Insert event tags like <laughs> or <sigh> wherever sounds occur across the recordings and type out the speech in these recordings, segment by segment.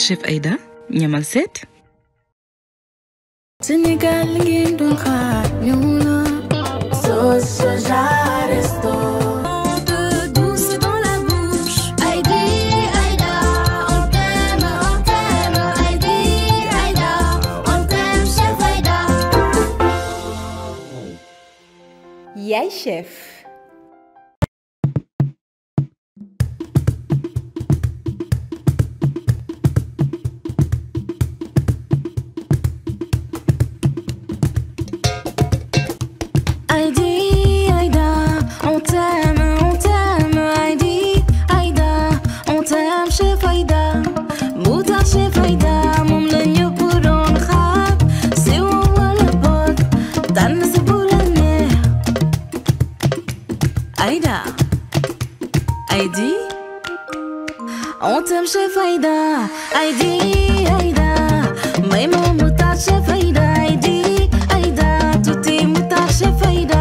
chef Aida ya malset Sénégal nguen do xat yow la so so jara douce dans la bouche Aida Aida on thème on thème Aida Aida on thème chef Aida Yachif से फायदा आईडी Aida मैं मो मुता से फायदा आईडी आईदा तुती मुता से फायदा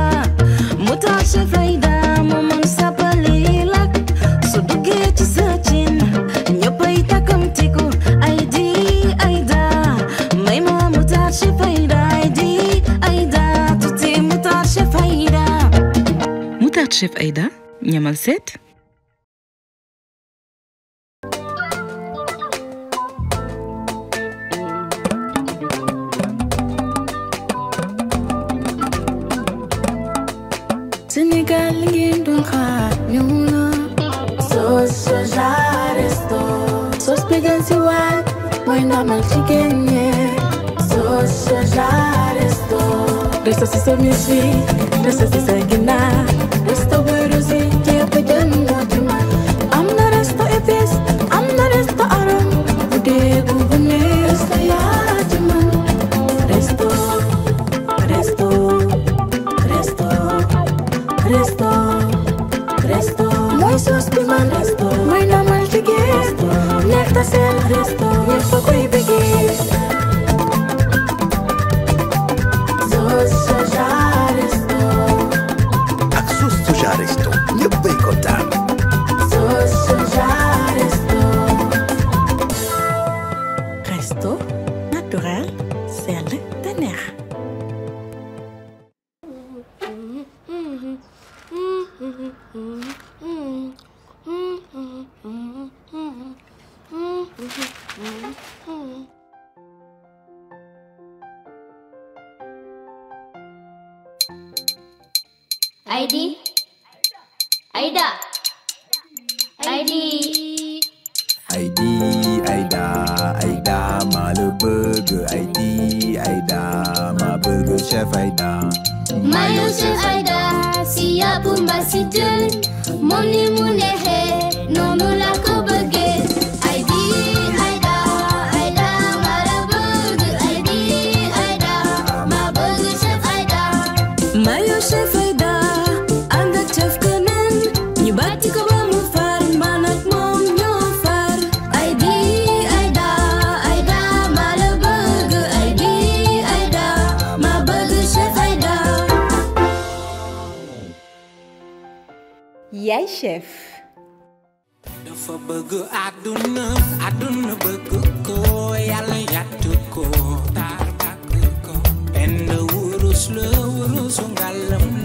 मुता से फायदा मो मन सा पलेलक सुडुगे चसचिन न्योपाita kamtiku आईडी आईदा मैं मो मुता से फायदा आईडी आईदा तुती मुता से फायदा muta se faida? Nyamal set? dejar esto. Sos igual, buena mal chicken, yeah. Sos dejar esto. Resta si soy mi chic, resta si soy que nada. スト love.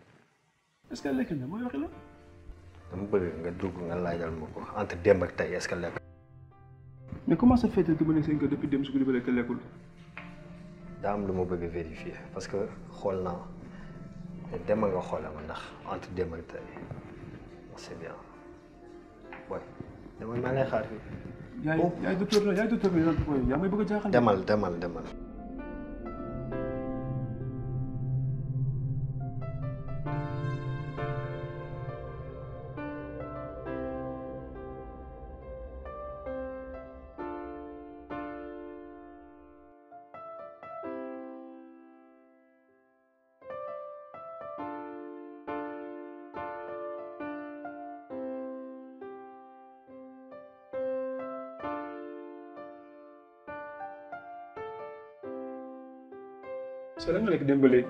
est-ce que lekk na mooy waxi dama bëgg nga dugg nga laajal ma ko entre démb ak tey est-ce que lekk. mais comment ça fait ma nekk seen kër depuis démb su guddi ba lekk lekkul. daa am lu ma bëgg vérifier parce que xool naa te dem nga xoolal ma ndax entre démb ak tey c'est bien waaye dama maa lay xaar fii. yaay oh. yaay docteur yaay docteur bi yaa may bëgg a jaaxal. demal demal demal. Sekarang ngelik Dembele.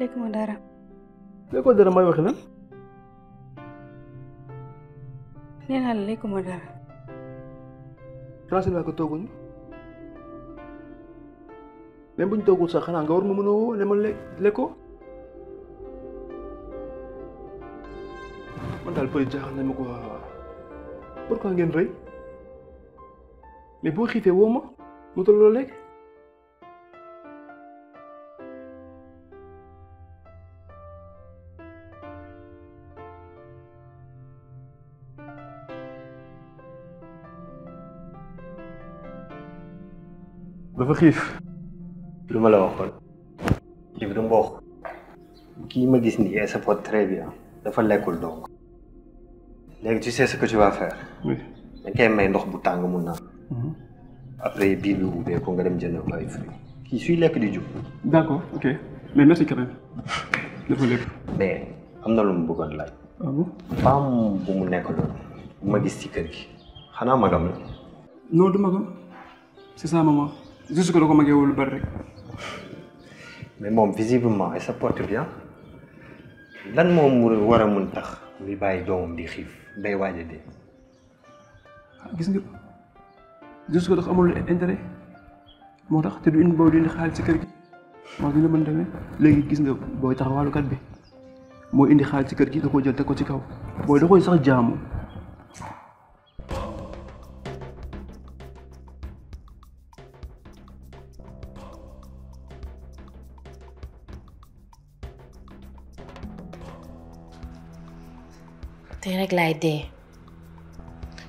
Lek mudara. Lek mudara mai wakilan? Nena lek mudara. Kenapa sih aku tahu togun? Lembun togun sahkan anggur mumunu lemon lek leko. Mandal pun jangan lemu gua. Pur kangen rey. Lebih kita wama. Moet er wel liggen? We vergif. Doe maar lopen. hoor. Je hebt een boog. Kie me gisnie, hij is een potrebia. Dat van lekker donk. Lekker, je zegt dat je wat ver. Nee. Ik heb mij nog boetangen moeten. après biir bi ubbeeku nga dem jënd ay fruits. kii suy lekk di jóg. d' accord ok mais merci quand même dafa mais am na lu mu bëggoon laaj. ah bon femme mu nekk loolu ma gis ci kër gi xanaa magam la. non du magam c' est ça maman juste que da ko magee woo bari rek. mais moom visiblement elle se porte bien lan moom war a mun tax muy bàyyi doomam di xiif day waaj a dee. Ah, gis nga. juste ko dafa amul intérêt moo tax te du indi boobu du indi xaalis si kër gi moo ñu la mën demee léegi gis nga booy taxawaalukat bi moo indi xaalis ci kër gi da koo jël teg ko ci kaw booy da koy sax jaamu. tey rek laay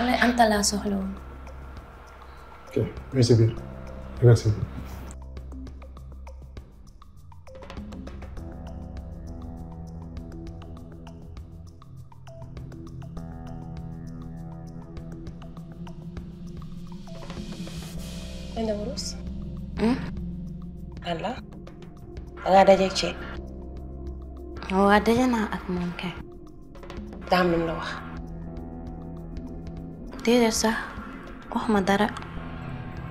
allez Anta laa soxla ok merci bien merci. Allah Tu dajeeg là. waaw daje là. ak moom là. daa là. Je déedéet sax wax ma dara.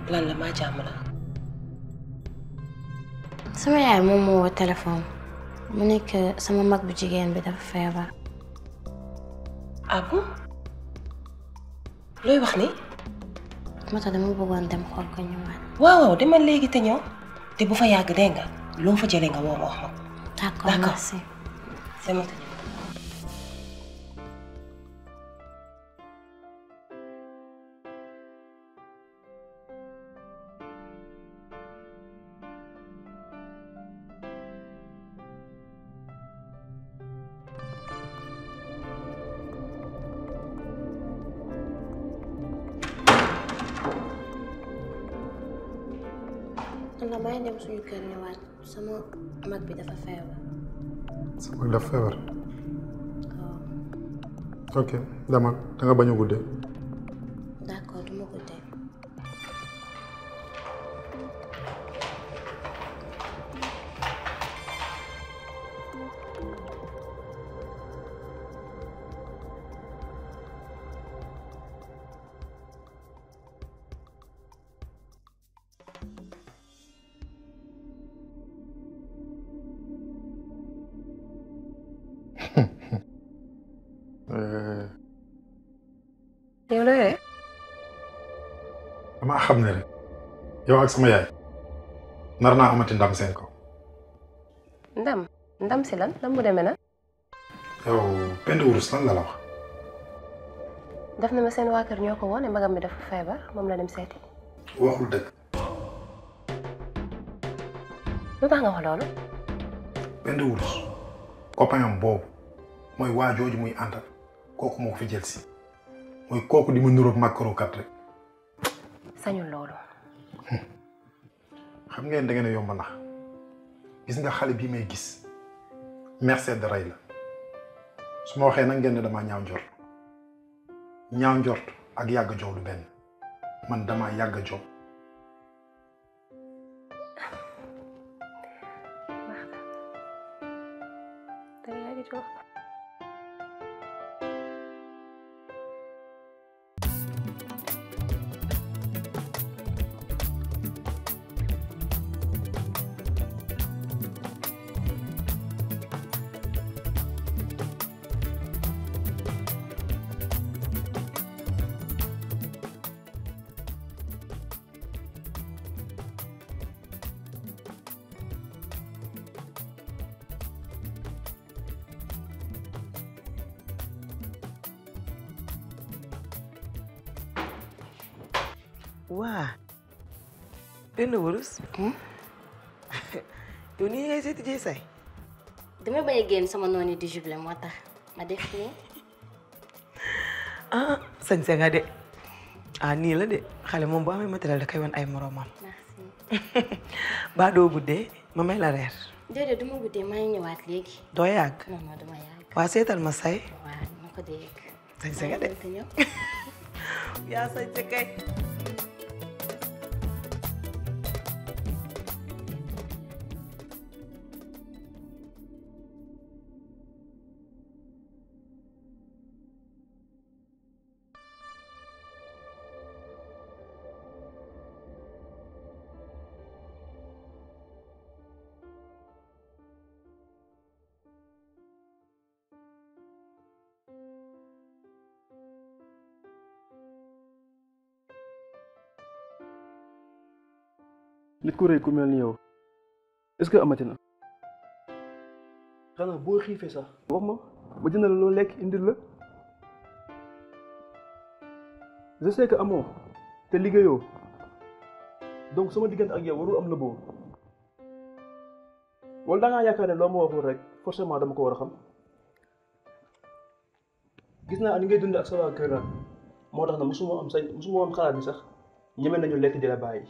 lan la maa jàmm la. sama yaay moom moo woo téléphone mu nekk sama mag bu jigéen bi dafa feebar. ah looy wax ni. moo tax dama bëggoon dem xool ko ñëwaat. waaw waaw léegi te ñëw te bu fa yàgg dégg nga loo fa jëlee woo ma wax ma. d'accord merci. man damay dem suñu kër ñëwaat sama mag bi dafa feebar. sa dafa feebar. ok demal da nga bañ guddee. yow ak sama yaay nar amati ndam seen kaw. ndam ndam si lan lan mu demee na. yow Penda Wurus lan la la wax. daf na ma seen waa kër ñoo ko woone magam mi dafa feebar moom la dem seeti. waxul dëgg. lu tax nga wax loolu. Penda Wurus copain boobu mooy waa muy àndal kooku moo fi jël mooy kooku di ma niroog makkaro kat rek. sañul loolu. xam ngeen da ngeen a yomb ndax gis nga xale bii may gis Mercedes rey la su ma waxee nag ngeen ne damaa ñaaw njort ñaaw njort ak yàgg joow du benn man dama yàgg joow oynuyoruz. Hı? Doni ya zeti cesay. Deme baya game sama noni di juble mata. Madef ni. <laughs> Ah, sen sen ade. Ah ni la de. Xale mom bu amé matériel da kay won ay moromam. Merci. ba do guddé ma may la reer. Dédé duma guddé may ñëwaat légui. Do yag? Non non duma yag. Wa sétal ma say. Wa mako dégg. Sen sen ade. Ya <laughs> say kay. ku rëy ku mel ni yow est na. xanaa boo xiifee sax. wax ma ma jëndal loo lekk indil la je sais amoo te liggéeyoo donc sama diggante ak yow warul am na boo wala da yaakaar ne loo ma waxul rek forcément dama ko war a xam gis naa ni ngay dund ak sa kër nag moo tax na musuma am sañ musuma am xalaat bi sax ñeme nañu lekk di bàyyi.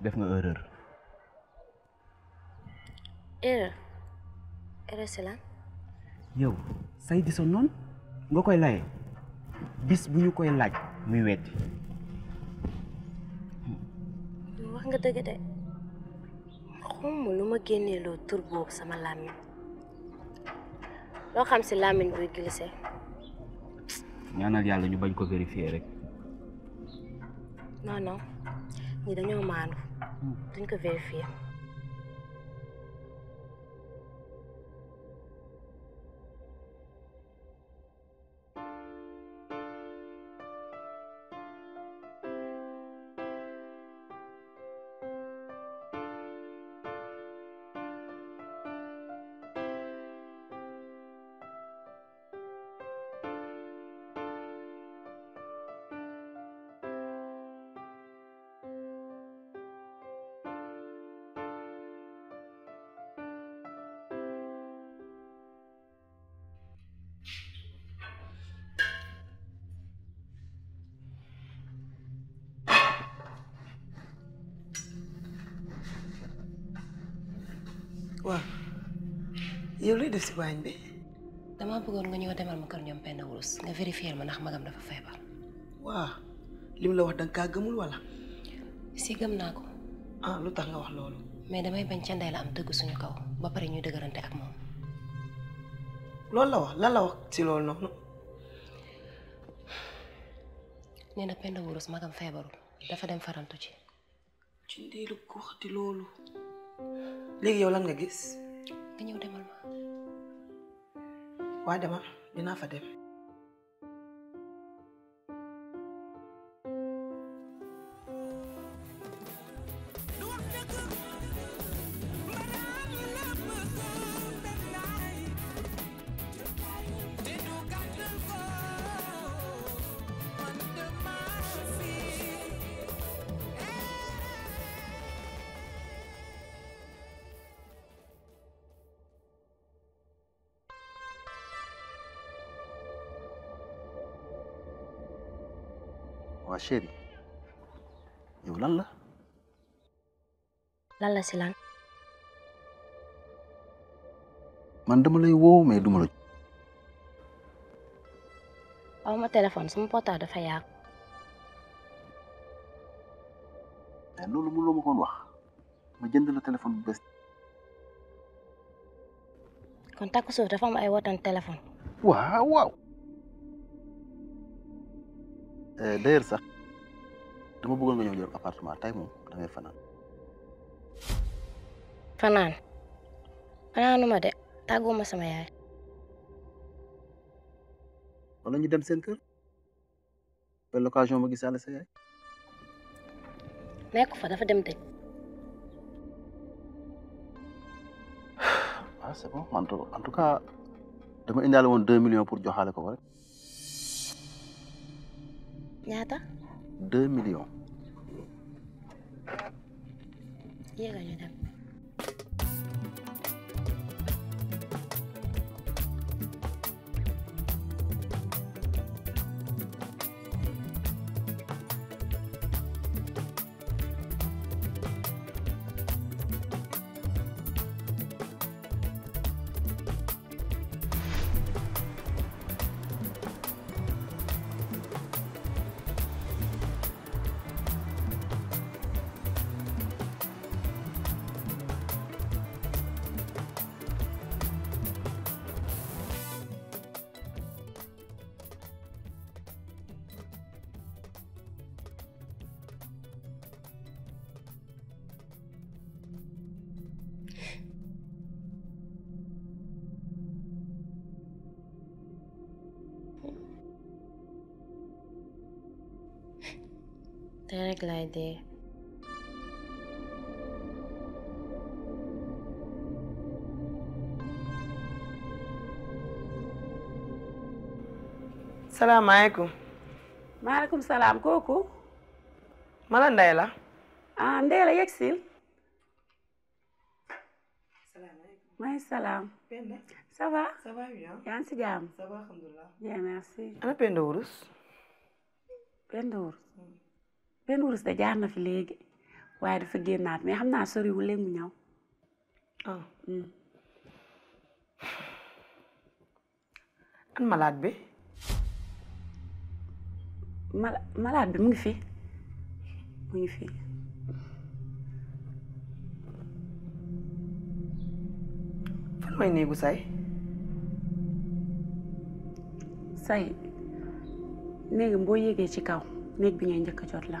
def nga erreur. erreur. erreur yow say di sa noon nga koy laye bis bu ñu koy laaj muy weddi. Hmm. wax nga dëgg de xawma lu ma génnee loo tur boobu sama làmmiñ loo xam si làmmiñ buy glissé. ñaanal yàlla ñu bañ ko vérifier rek. non non ñi dañoo maandu. Think of Irfia. waaw iya, yow luy def si waañ bi. damaa bëggoon nga ñëw demal ma kër ñoom benn wurus nga vérifier ma ndax magam dafa ya, feebar. Wah, lim la wax danga kaa wala. si gëm naa ah lu tax nga wax loolu. mais damay bañ ca ndey la am dëgg suñu kaw ba pare ñu dëgërante ak moom. loolu la wax lan la wax si loolu noonu. nee na Penda Wurus magam feebarul dafa dem farantu ci. ci ndéelu ko waxati loolu léegi yow lan nga gis. nga ñëw demal ma. waa dama dina fa dem. waa Chéri yow lan la. lan la si lan. man dama lay wo mais duma lo aw ma téléphone sama portable dafa yàqu. mais mu lo ma kon wax ma jënd la téléphone bu bees. kon takku suuf dafa am ay wotan téléphone. waaw waaw. Euh, d'ailleurs sax dama bëggoon nga ñëw jël appartement tey moom dangay fanaan. fanaan fanaanuma de tàggoo ma sama yaay. wala ñu dem seen kër. ba l'occasion ma gisaale sa yaay. nekk fa dafa dem dëj. <sighs> ah c'est bon en tout cas dama indaale deux millions pour joxaale ko rek. ñaata. deux millions. yéegal ñu dem. paraglider ah, salaamaaleykum maaleykum salaam kooku ma la ndey la ah ndey la yegsil may salaam ça va ça va bien yaa ngi si jàmm ça va alhamdulilah benn wurus de jaar na fi léegi waaye dafa génnaat mais xam naa soriwul léegi mu ñëw oh mm. an malade bi mala malade bi mu ngi fi mu ngi fi fan mooy néegu say say néegam boo yéegee ci kaw néeg bi ngay njëkk a jot la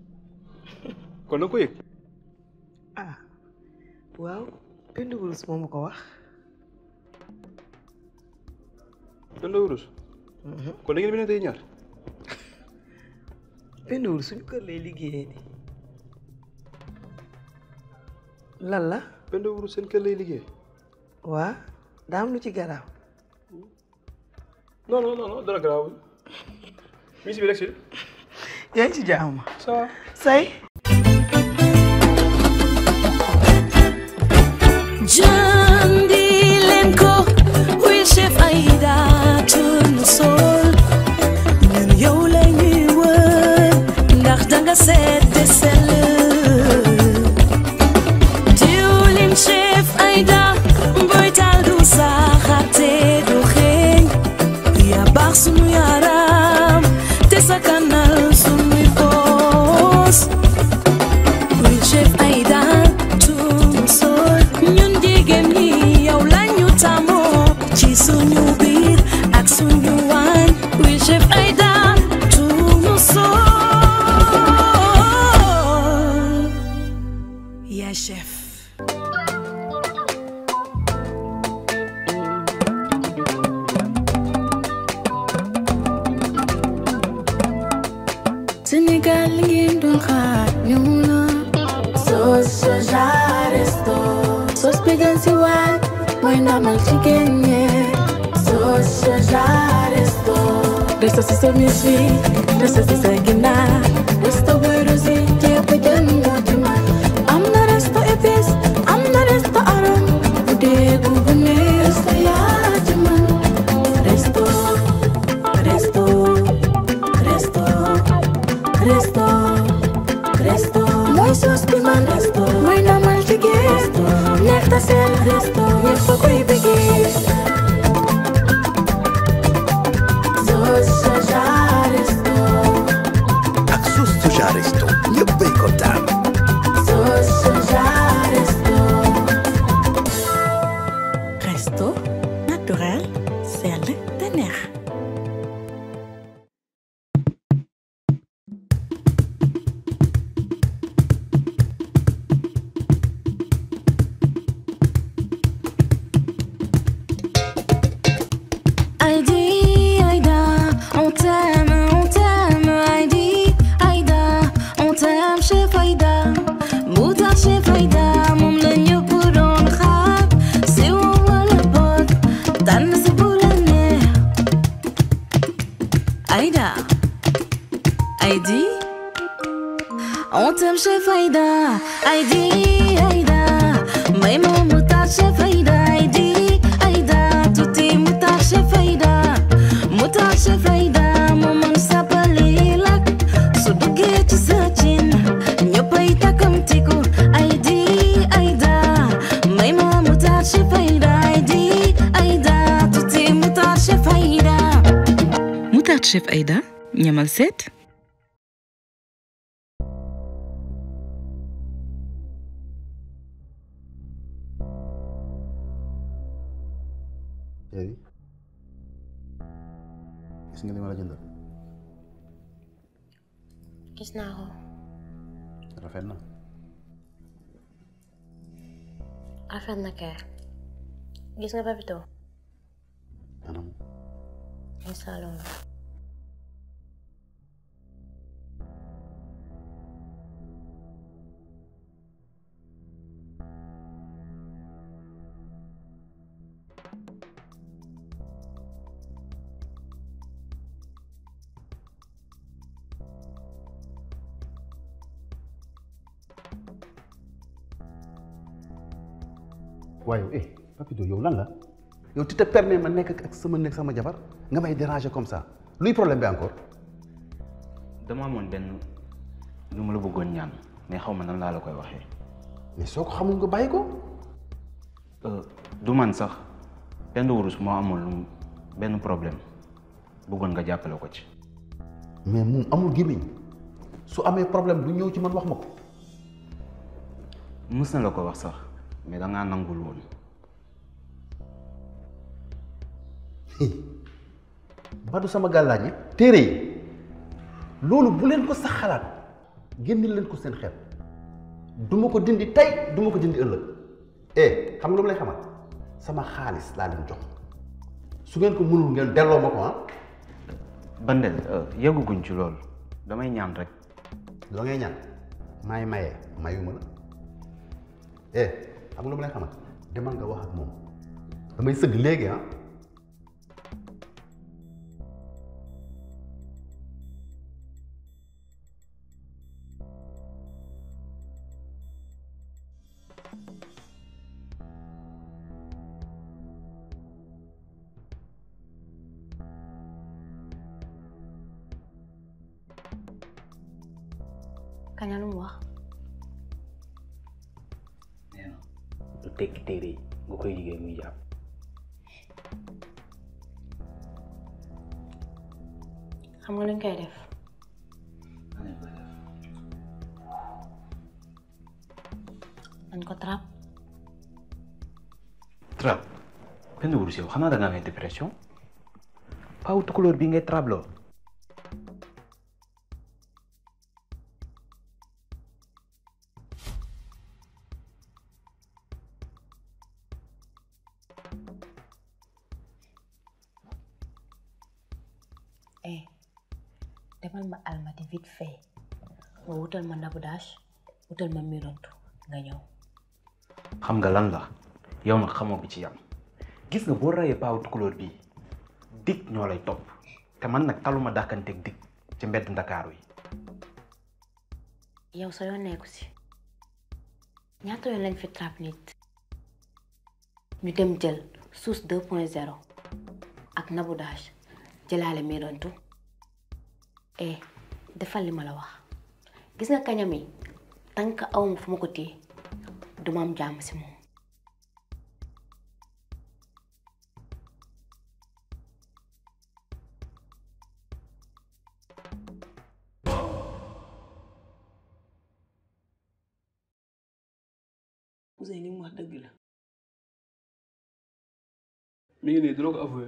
kon nag ko ya? ah waaw penda wurus moomu ko wax penda wurus kon da ngeen bi ne tey ñaar penda wurus suñu kër lay liggéeyee ni lan la penda wurus seen kër lay liggéey waa daa am lu ci garaaw non non non dara garaaw mi si bi rek si yaa ngi ci say Jandi lemko, we chef aida tun so. شеф Айда, няма сет? ఏది సింగల్ దిమాల కింద కిస్నాహో رفعنا رفعنا كير جسنا بابتو أنا إن شاء الله waaye yow eh yow lan la yow tu te permets ma nekk ak sama nekk sama jabar nga may déranger comme ça luy problème bi encore. dama amoon benn lu ma la bëggoon ñaan mais xaw ma nan laa la koy waxee. mais soo ko xamul ko. Euh, du man sax benn wurus moo amoon benn problème bëggoon nga jàppale ko ci. moom amul gémmiñ su amee problème lu ñëw ci man wax ma ko. mës na la ko wax sax. mais da nang nangul woon <laughs> badu sama gàllaaji téere lolu bu len ko sa xalat génn len ko sen xet duma ko dindi tay duma ko dindi eh xam nga lu lay xamal sama xaliss la len jox su ngeen ko mënul ngeen delo mako ha Bandel eh, yëguguñ ya ci lolu damay ñaan rek. loo ngay ñaan may maye mayuma eh. am lu ma lay xamal demal nga wax ak moom damay sëgg léegi ah. ipektere gue juga mijab xam nga luñ koy def nañ ko trap trap benn wurus yow xanaa da nga amee dépression paa tukulóor bi ngay trabloo aboudash utal ma mirontu nga ñëw. xam nga lan la yow nag xamoo bi ci yam gis nga boo rayee paawu tukulóor bii dig ñoo lay topp te man nag taluma dàkkanteeg dig ci mbedd ndakaaru yi. yow sa yoon nekku si ñaata yoon lañ fi trap nit ñu dem jël source deux point zéro ak naboudash jëlaale mirontu e eh, defal li ma la wax. gis nga kañam yi tànk awma fu ma ko téye du ma am si moom Ouzin li wax dëgg la mi ngi nii ko avoué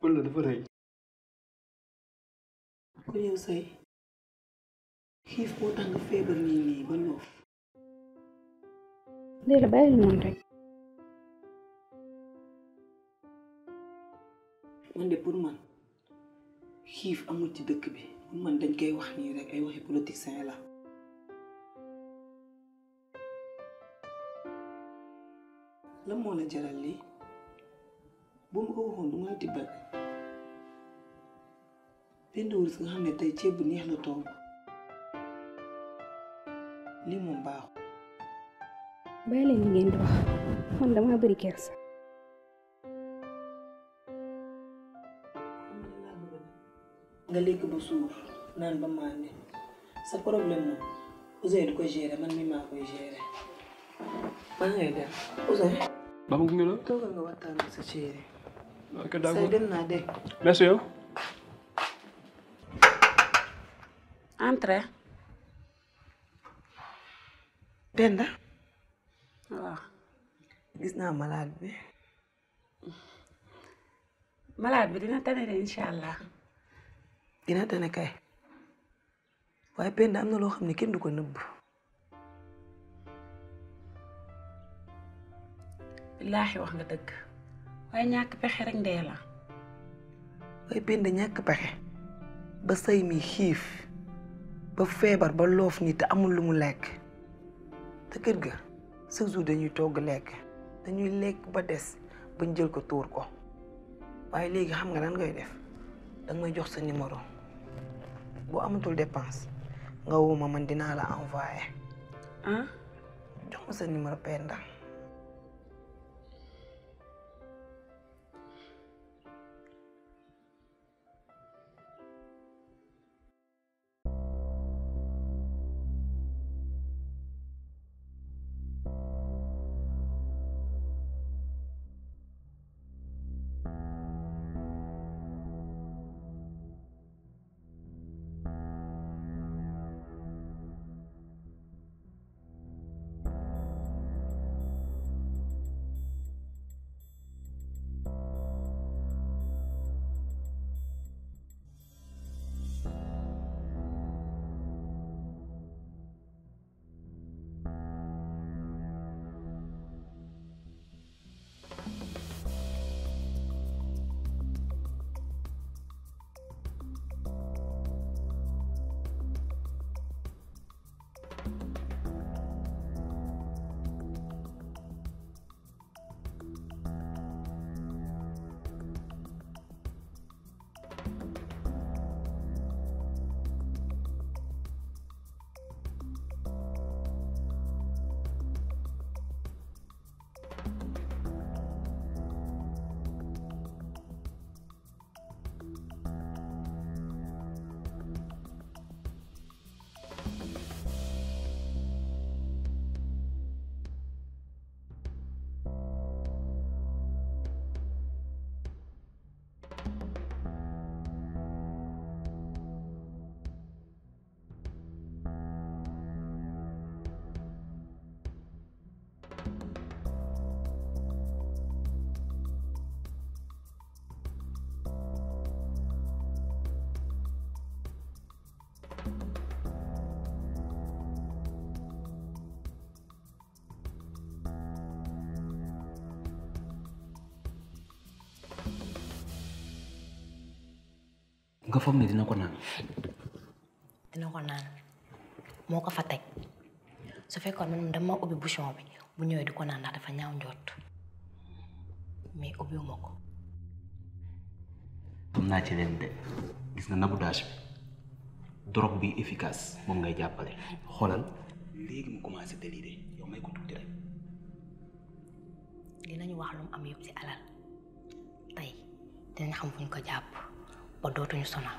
pël la dafa rëy yow say xiif boo tax nga feebar nii nii ba ñoof déedéet bàyyi noonu rek man de pour man xiif amul ci dëkk bi pour man dañ koy wax nii rek ay waxi politicien la lan la jaral lii bu ma ko waxoon du ma la benn wurus nga xam ne tey ceeb bu neex la toog lii moom baaxul. bàyyi leen li ngeen di wax man damaa bëri nga lekk ba suur naan ba màndi sa problème moom Ouzin du ko gérer man mi maa koy gérer maa ngay dem Ouzin. ba mu gunge la. nga waxtaan ak sa chéri. ok ah, d'accord de. merci yow. Penda waaw ah, gis na malade bi malade bi dina tane de inshallah. allah dina tane kay Way Penda am lo xamni kenn duko neub. Billahi wax nga deug. Way ñak pexé rek ndé la Way Penda ñak pexé. ba say mi xif. ba febar ba lof ni te amul lu mu Like. te kër ga chaque jour dañuy togg lekk dañuy lekk ba des bañ jël ko tuur ko waaye léegi xam nga lan ngay def danga may jox sa numéro boo amatul dépense nga woo ma man dinaa la envoyé ah jox ma sa numéro Penda nga fam ni dina ko nan dina ko nan moko fa tek su fekkon man dama ubi bouchon bi bu ñëwee di ko naan dafa ñaaw njoot mais ubi ko dum na ci len de gis na nabu bi drogue bi efficace moom ngay jappalé xolal légui mu commencé délirer yow may ko tuuti rek dinañ wax lu am yëpp ci alal tey dinañ xam fuñ ko japp o dɔ tun sɔnna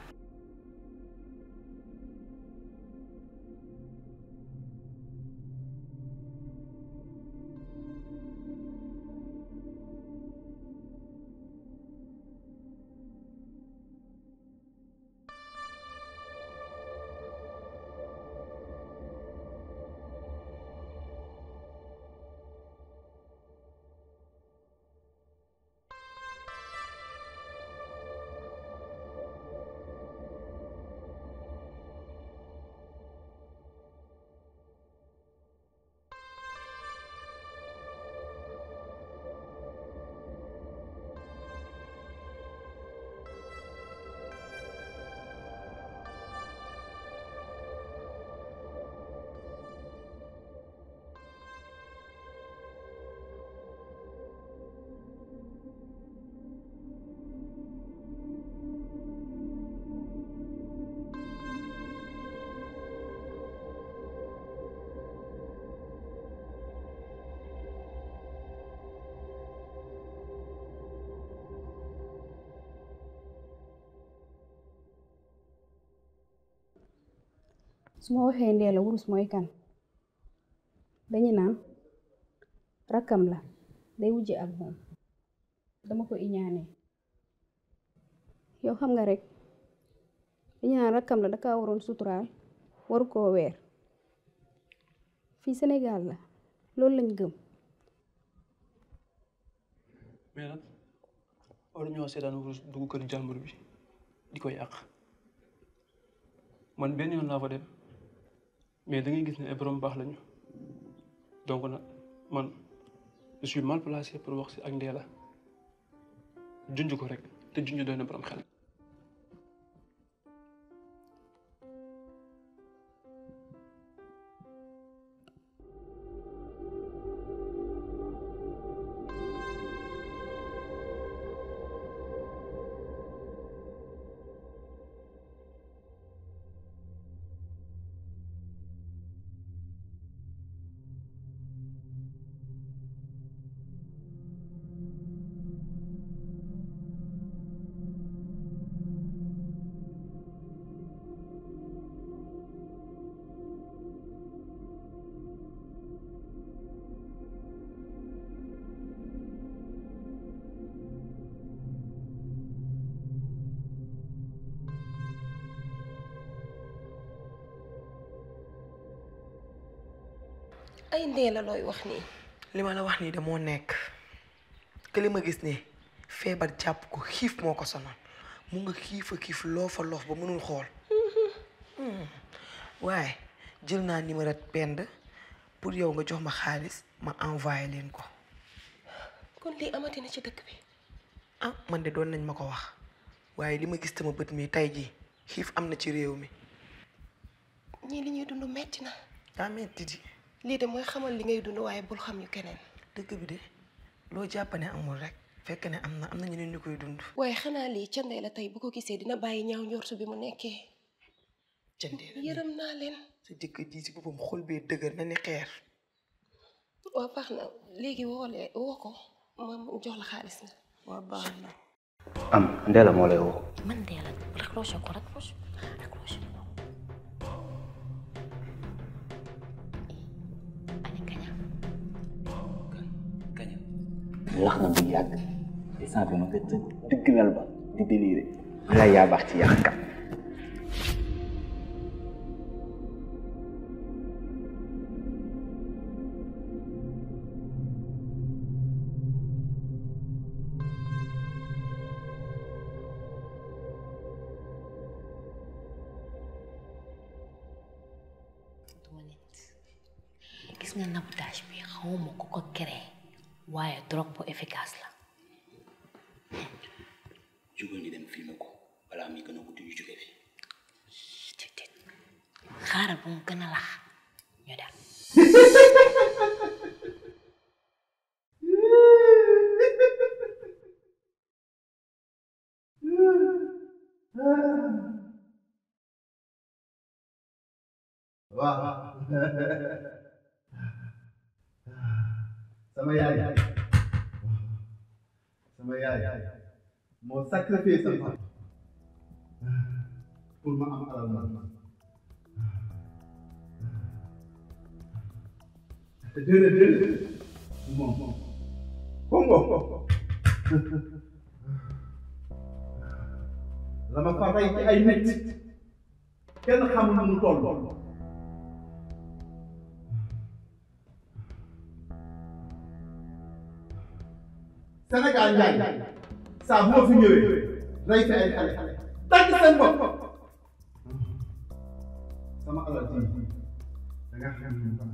su ma waxee ndee wurus mooy kan dañu naan rakkam la day wujje ak moom dama ko iñaanee yow xam nga rek dañu naan rakkam la daka waroon suturaal waru koo weer fii Sénégal la loolu lañ gëm mais nag war ñoo seetaan wurus dugg kër jàmbur bi di ko yàq man benn yoon laa fa dem mais da ngay gis ne ay borom baax lañu donc na man je suis mal placé pour wax si ak ndee la junj ko rek te junj doy na xel. lan la loy wax ni lima la wax ni da mo nek ke lima gis ni febar japp ko xif moko sonal mu nga xiifa xiif loof a loof ba mënul xol hmm. waay jël naa numéro pend pour yow nga jox ma xaliss ma envoyer len ko kon li amati na ci dëkk bi ah man de doon nañ mako wax waye lima gis tama beut mi tey jii xiif am ci rew mi ñi li ñuy dundu metti na daa metti di lii de mooy xamal li ngay dund waaye bul xam ñu keneen. dëkk bi de loo jàpp ne amul rek. fekk ne am na am na ñeneen ñu koy dund. waaye xanaa lii candee la tey bu ko gisee dina bàyyi ñaaw njortu bi mu nekkee. candee yërëm naa leen. sa jëkkër ji si boppam xol bee dëgër na ni xeer. waaw baax na léegi woole woo ko ma jox la xaalis na. waaw baax na. am Ndéla moo lay woo. man ko lax na bu yàgg instant bi ma nga ca digg lal ba di déliré. lay yaa baax waaye drogue bu efficace la. jógal ni dem filmer ko balaa mi gën a gudd ñu jógee fi. xaaral bu mu gën a lax ñu dem. Wow. <laughs> sama yaay waaw sama yaay moo sacrifice sama pour ma am alal ma déedéet moom moom la ma fa rey ci ay nit kenn xamul nu mu toll Sénégal njaay saa bu ma fi ñëwee rey fi ay xale tànk seen bopp sama alal ji da nga xam ne moom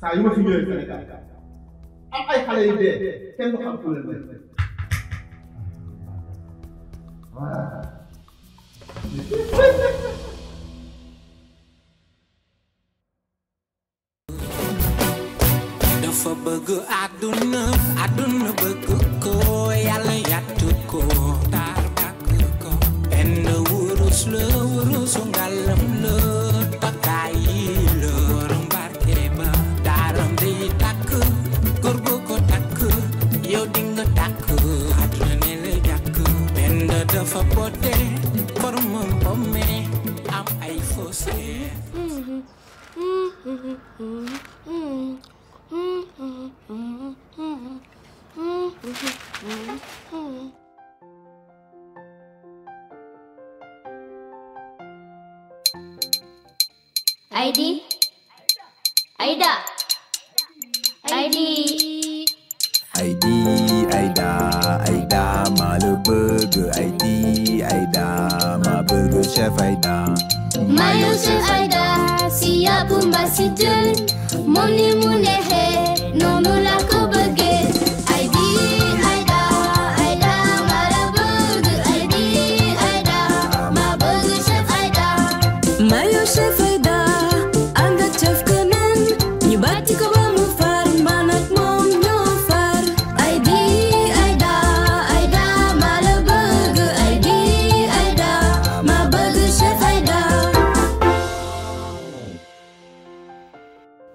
saa yu ma fi ñëwee Sénégal am ay xale yu dee kenn du xam ku leen dee voilà. For I do bëgg àdduna àdduna bëgg ko yàlla yàttu ID Aida ID ID Aida Aida malu burger ID Aida ma burger chef Aida Mayo chef Aida siap pun basijel Moni mune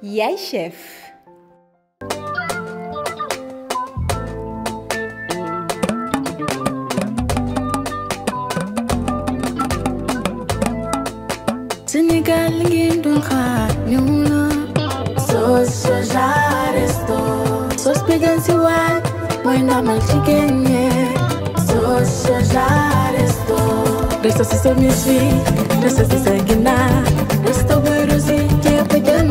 Jij, chef. Senegal resto. resto si sa resto si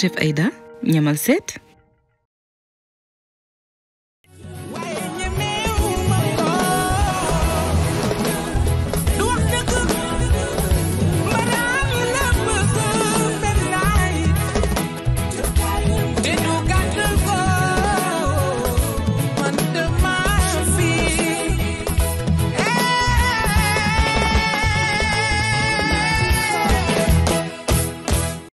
تكشف أيضا